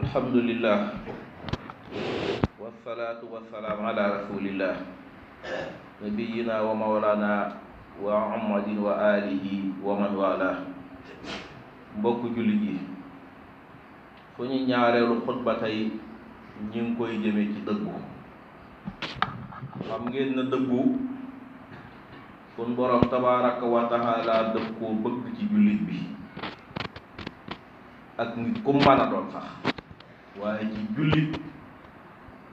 alhamdulillah wasalaatu wasalaam ala rasulillah nabiyina wa mawlana wa amadin wa alihi wa man wala mbokk jullit yi suñu ñaareelu xutba ñi ngi koy jëme ci dëggu xam ngeen na dëggu sun borom tabaraka wa taala dëf koo bëgg ci jullit bi ak nit ku mën doon sax waaye ci jullit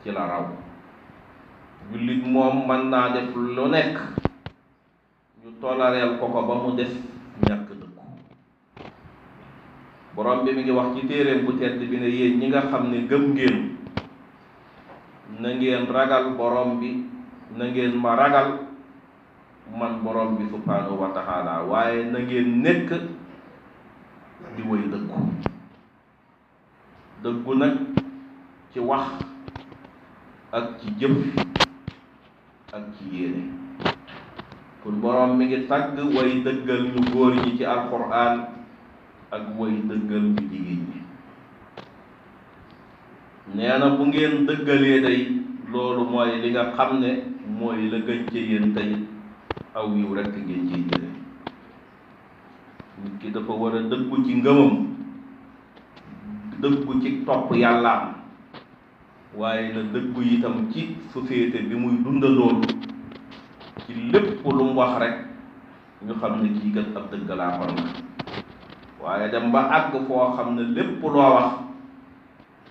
ci la raw jullit moom man na def lu nekk ñu tolareel ko ko ba mu des ñàkk dëkku borom bi mi ngi wax ci téeréem bu tedd bi ne yéen ñi nga xam gëm ngeen na ngeen ragal borom bi na ngeen ma ragal man borom bi subhanahu wa taala waaye na ngeen nekk di way dëkk dëggu nag ci wax ak ci jëf ak ci yéene pour boroom mi ngi tàgg way dëggal ñu góor ñi ci alquran ak way dëggal ñu jigéen ñi nee bu ngeen dëggalee day loolu mooy li nga xam ne mooy la gën ci yéen tey aw yiw rekk ngeen ciy jële nit ki dafa war a dëggu ci ngëmam dëggu ci topp yàllaam waaye na dëggu itam ci société bi muy dundandoon ci lépp lu mu wax rek ñu xam ne kii kat ab dëgg laa xon na waaye dem ba àgg foo xam ne lépp loo wax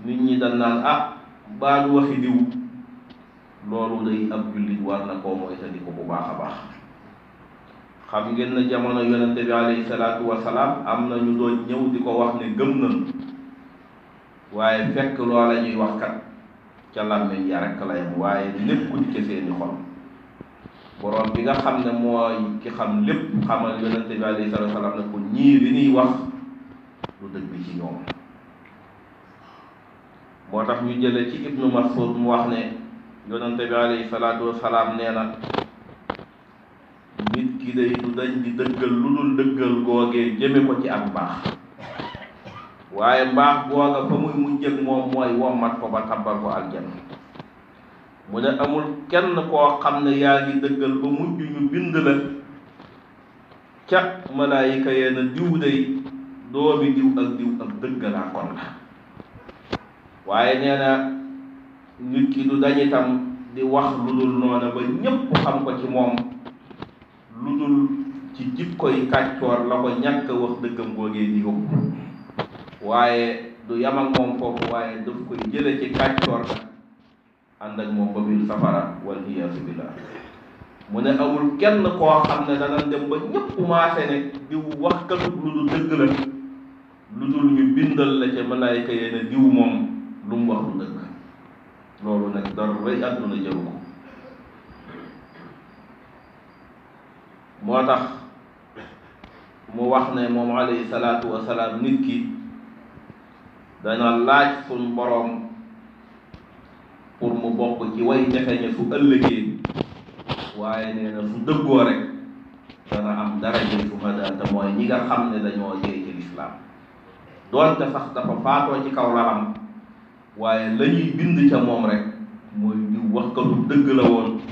nit ñi dañ naan ah baa du waxi diw loolu day ab jullit war na koo moytandiku bu baax a baax xam ngeen na jamono yonente bi alayhi salaatu wasalaam am na ñu doon ñëw di ko wax ne gëm nañ waaye fekk loola ñuy wax kat ca làmmiñ ya rekk la yem waaye lépp ñu ci seeni xol borom bi nga xam ne mooy ki xam lépp xamal yonente bi alayhi salatu salaam ne ko ñii moo tax ñu jële ci ibnu mu wax ne yonente bi alayhi salatu wasalaam nee na nit ki day du dañ di dëggal lu dul dëggal googee jëme ko ci ak baax waaye mbaax googa fa muy mujj ak moom mooy wommat ko ba tabbal ko aljanna mu ne amul kenn koo xam ne yaa ngi dëggal ba mujj ñu bind la ca malaayika yee diw day doomi diw ak diw ak dëggalaa la waaye nee na nit ki du dañ itam di wax lu dul noona ba ñépp xam ko ci moom lu dul ci jikkoy kàccoor la ko ñàkk wax dëggam googee di waaye du yam ak moom foofu waaye daf koy jële ci kàccoor na ànd ak moom ba biir safara wal iyaasu mu ne amul kenn koo xam ne danañ dem ba ñëpp commencé ne diw waxkatu lu dul dëgg la lu dul ñu bindal la ca malaayka yee diw moom lu mu wax lu dëgg loolu nag dara rëy àdduna jëru ko moo tax mu wax ne moom alayhi salaatu wasalaam nit ki dana laaj suñ boroom pour mu bokk ci way jafeñe su ëllëgee waaye nee na su dëggoo rek dana am daraje su hada te mooy ñi nga xam ne dañoo jëy ci lislaam doonte sax dafa faatoo ci kaw laram waaye la ñuy bind ca moom rek mooy ñu wax ko lu dëgg la woon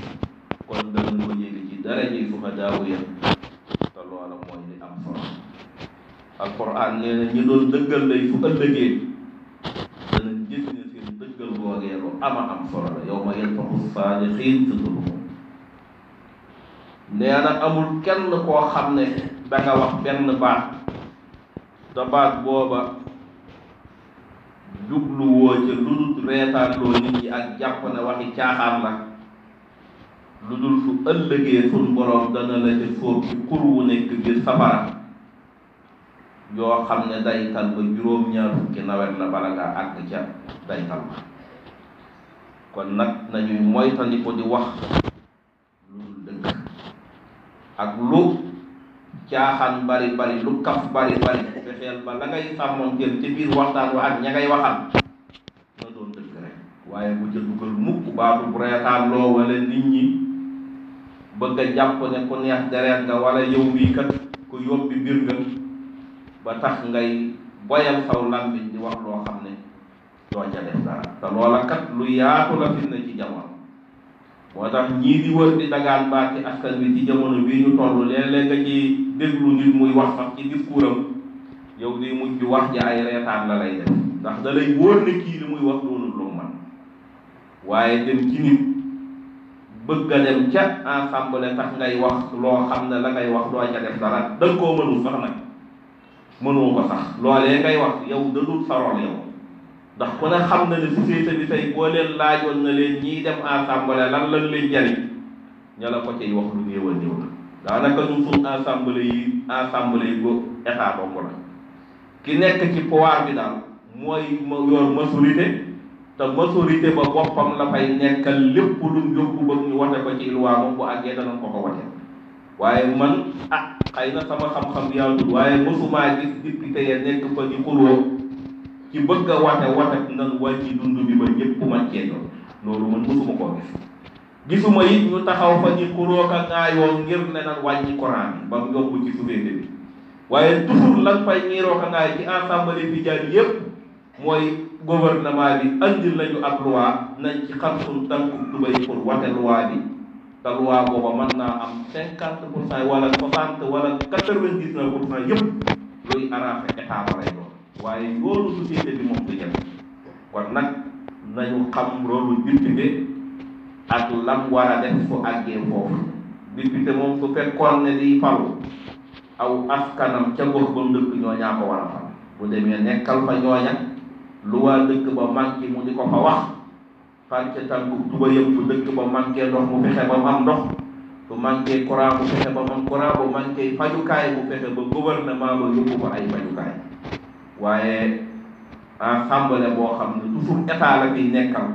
kon dana ko yéegi ci daraje su hada wu yem te loola mooy li am solo alquran nee na ñi doon dëggal lay su ëllëgee googee lu ama am la amul kenn koo xam ne da wax benn baat te baat booba jubluwoo ca lu dul reetaanloo nit ñi ak jàpp ne waxi caaxaan la lu dul su ëllëgee suñ boroom dana la ca sóor ci xur wu nekk biir safara yoo xam ne daytal ba juróom-ñaar fukki nawet la bala ngaa àgg ca daytal ba kon nak nañuy moytandiku di wax lu dul dëgg ak lu caaxaan bari bari lu kaf bari bari fexeel ba la ngay sàmmoon jël ci biir waxtaan wa ak ña ngay waxal na doon dëgg rek waaye bu jël dugal mukk baatu bu reetaan loo wala nit ñi bëgg a jàpp ne ku neex dereet nga wala yow bii kat ku yóbbi mbir nga ba tax ngay boyal saw lambiñ di wax loo xam doo ca def dara te kat lu yaatu la fi ci jamono moo tax di wër di baati askan ci jamono ñu nga ci nit muy wax ci yow di mujj wax ji ay ya reetaan la lay def ndax da lay ya. nah, wóor ne kii li muy wax doonul lu man waaye dem ci nit bëgg dem ca ensemble tax ngay wax loo xam la ngay wax doo ca def dara da koo mënul sax nag mënoo ko sax ngay wax yow da yow ndax ku ne xam na ne société bi tey boo leen laajoon na leen ñiy dem assemblée lan lañ leen jariñ ña la ko cay wax lu néew a néew la daanaka ñu suñ assemblée yi assemblée yi bo état bokk la ki nekk ci pouvoir bi daal mooy yor majorité te majorité ba boppam la fay nekkal lépp lu yóbbu bëgg ñu wate ko ci loi moom bu àggee danañ ko ko wate waaye man ah xëy na sama xam-xam yàlla waaye mosumaa gis député ya nekk fa di xuloo ci bëgg a wate watak nan wàññi dund bi ba ñëpp man cee jot loolu man mësuma koo gis gisuma it ñu taxaw fa ñu xuróok a ŋaayoo ngir ne nan wàññi coran bi ba mu yokk ci société bi waaye toujours lan fay ñiiroo ka ci ensemble bi yépp mooy gouvernement bi andil nañu ab loi nañ ci xam suñ tànku tubay pour wate loi bi te loi booba mën naa am cinquante pour cent wala soixante wala quatre-vingt-dix-neuf pour cent yëpp luy arrangé état ba lay waaye yoonu société bi moom du yem kon nag nañu xam rôle député ak lam war a def su àggee foofu député moom su fekkoon ne di falu aw askanam ca gox ba ndëkk ñooñaa ko war a fal bu demee nekkal fa ñooña lu waa dëkk ba manqué mu di ko fa wax far ca tànku tuba yëpp bu dëkk ba manqué ndox mu fexe ba mu am ndox bu manqué courant bu fexe ba mu am courant bu manqué fajukaay bu fexe ba gouvernement ba yóbbu ko ay fajukaay waaye assemblée boo xam ne toujours état la fiy nekkal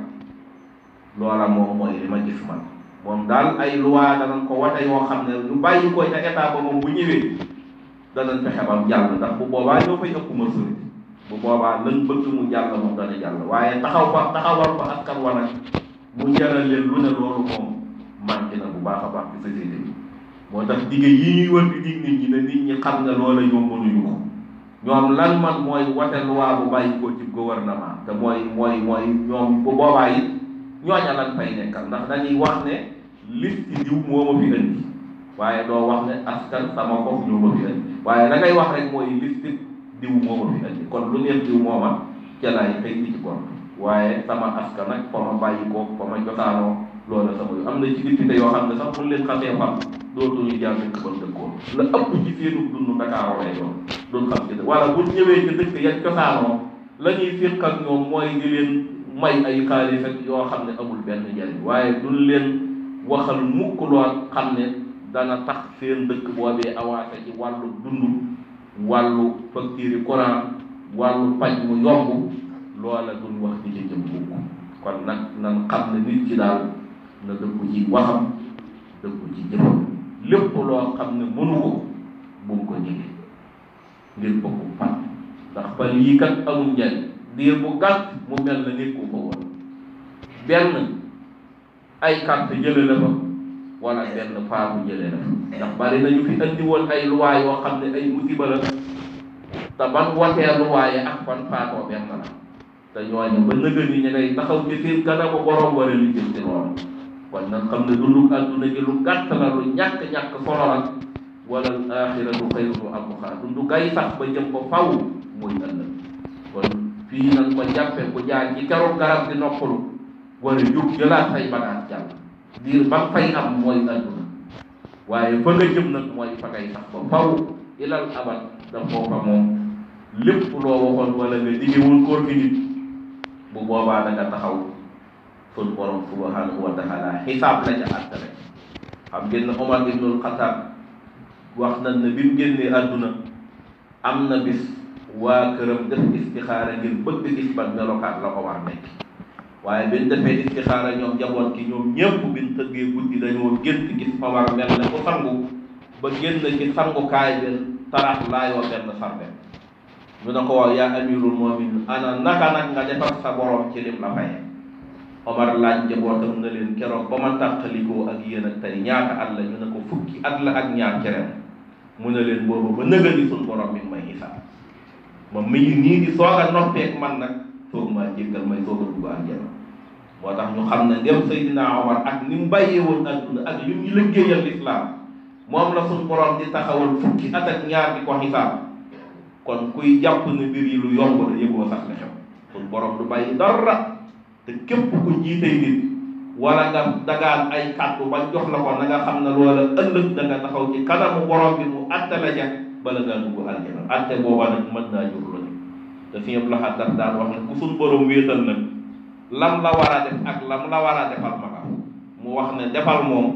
loola moom mooy li ma gis man moom daal ay loi danañ ko wate yoo xam ne lu bàyyi ko ca ba moom bu ñëwee danañ fexe ba mu jàll ndax bu boobaa ñoo fay ëpp majorité bu boobaa lañ bëgg mu jàll moom dana jàll waaye taxaw fa taxawal fa askan wa nag mu jaral leen lu ne loolu moom manqué na bu baax a baax ci société bi moo tax digg yi ñuy wër di dig nit ñi ne ñi xam ne loola ñoom mënuñu ko ñoom lan man mooy wote waa bu bàyyi ko ci gouvernement te mooy mooy mooy ñoom bu boobaa it ñooña lan fay nekkal ndax dañuy wax ne liste diw moo ma fi indi waaye doo wax ne askan sama bopp ñoo ma fi indi waaye la ngay wax rek mooy liste diw moo ma fi indi kon lu neex diw moo ma ca laay xëy kon waaye sama askan ak fa ma bàyyi ko fa ma jotaanoo am na ci député yoo xam ne sax mun leen xasee fam dootuñu jàng ko dëkkoon la ëpp ci seenu dund Ndakaaru lay doon doon xam ci wala bu ñëwee ci dëkk ya cosaanoo la ñuy fiq ak ñoom mooy di leen may ay xaalis yoo xam ne amul benn njariñ waaye duñ leen waxal mukk loo xam ne dana tax seen dëkk boobee avancé ci wàllu dund wàllu facture courant wàllu paj mu yomb loola duñ wax ci ci jëm mukk kon nag nan xam ne nit ci daal na dëkku ci waxam dëkku ci jëfam lépp loo xam ne mënu ko bu mu ko jege ngir bokku pal ndax pal yii kat amul njariñ diir bu gàtt mu mel na nit ku ko woon benn ay carte jële la fa wala benn faabu jële la ndax bari nañu fi andi woon ay luwaa yoo xam ne ay musiba la te ban watee luwaaye ak ban faatoo benn la te ñooñu ba nëgëni ñu ngay taxaw ci seen kanamu borom war a lijjanti loolu kon nag xam ne dundug àdduna gi lu gàtt la lu ñàkk-ñàkk solo la wala axiratu xayrun wa abqaa dundu gay sax ba jëm ko faw mooy ëllëg kon fii nag ma jàppe bu jaar ci keroog garab di noppalu war a jug jëlaat say bagaas jàll diir ba fay am mooy àdduna waaye fa nga jëm nag mooy fa ngay sax ba faw ilal abad da foofa moom lépp loo waxoon wala nga digewul kóor gi nit bu boobaa da nga taxaw suñ borom subhanahu wa taala xisaab la ca àttale xam ngeen ne Omar ibnul Xataab wax na ne bi mu génnee am na bis waa këram def istixaara ngir bëgg gis ban melokaat la Omar nekk waaye bi ñu defee ñoom jaboot ki ñoom ñépp bi ñu tëggee guddi dañoo gént gis Omar mel ne ku sangu ba génn ci sangukaay bi tarax laayoo benn sarbet ñu ne ko waaw yaa amirul moomin ana naka nag nga defar borom ci lim la fayee Omar laaj njabootam na leen keroog ba ma tàqalikoo ak yéen ak tey ñaata at la ko fukki at la ak ñaar cerem mu ne leen boobu ba nëgëni suñ borom mi may xisaab moom mi nii di soog a noppeeg man nag soog maa jéggal may soog a dugg àjjana moo tax ñu xam ne ndem Seydina Omar ak ni mu bàyyee woon adduna ak li mu liggéeyal lislaam moom la suñ borom di taxawal fukki at ak ñaar di ko xisaab kon kuy jàpp ne mbir yi lu yomb la yëgoo sax la xew suñ te képp ku jiitey nit wala nga dagaan ay kàddu ba jox la ko na nga xam ne loola ëllëg da nga taxaw ci kanamu borom bi mu atte la ja bala ngaa dugg aljana atte booba nag mën naa jur la te fi ñëpp laxaat wax ne ku suñ borom wéetal nag lam la war a def ak lam la war a defal ma mu wax ne defal moom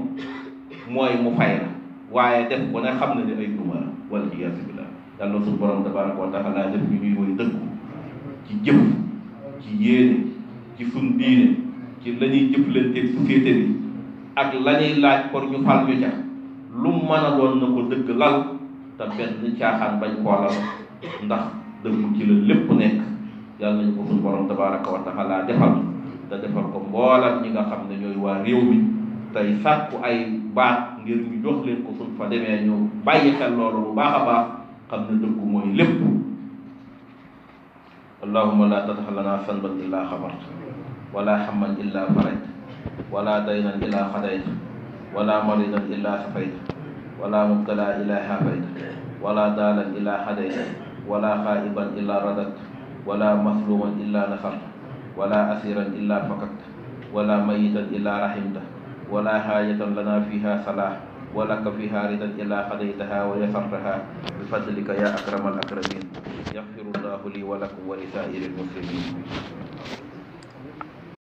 mooy mu fay la waaye def ko ne xam na ni ay duma la wala iyaasu billah yàlla suñu borom tabaaraka wa taala def ñu ñuy woy dëkku ci jëf ci yéene ci suñ diine ci la ñuy jëflanteeg société bi ak lañuy laaj pour ñu fal ñu ca lu mën a doon na ko dëgg lal te benn caaxaan bañ koo lal ndax dëgg ci la lépp nekk yàlla nañu ko suñu borom tabaraka wa taala defal te defal ko mboolam ñi nga xam ne ñooy waa réew mi tey sàkku ay baat ngir ñu jox leen ko suñ fa demee ñu bàyyi xel loolu bu baax a baax xam ne dëgg mooy lépp اللهم لا تدخل لنا ذنبا إلا خبرت ولا حما إلا فرجته ولا دينا إلا خديت ولا مريضا إلا شفيت ولا مبتلى إلا هافيته ولا دالا إلا هديت ولا خائبا إلا رددت ولا مظلوما إلا نصرت ولا أسيرا إلا فقدت ولا ميتا إلا رحمته ولا حاجة لنا فيها صلاح ولك فيها ردا إلا قضيتها ويسرتها بفضلك يا أكرم الأكرمين يغفر الله لي ولكم ولسائر المسلمين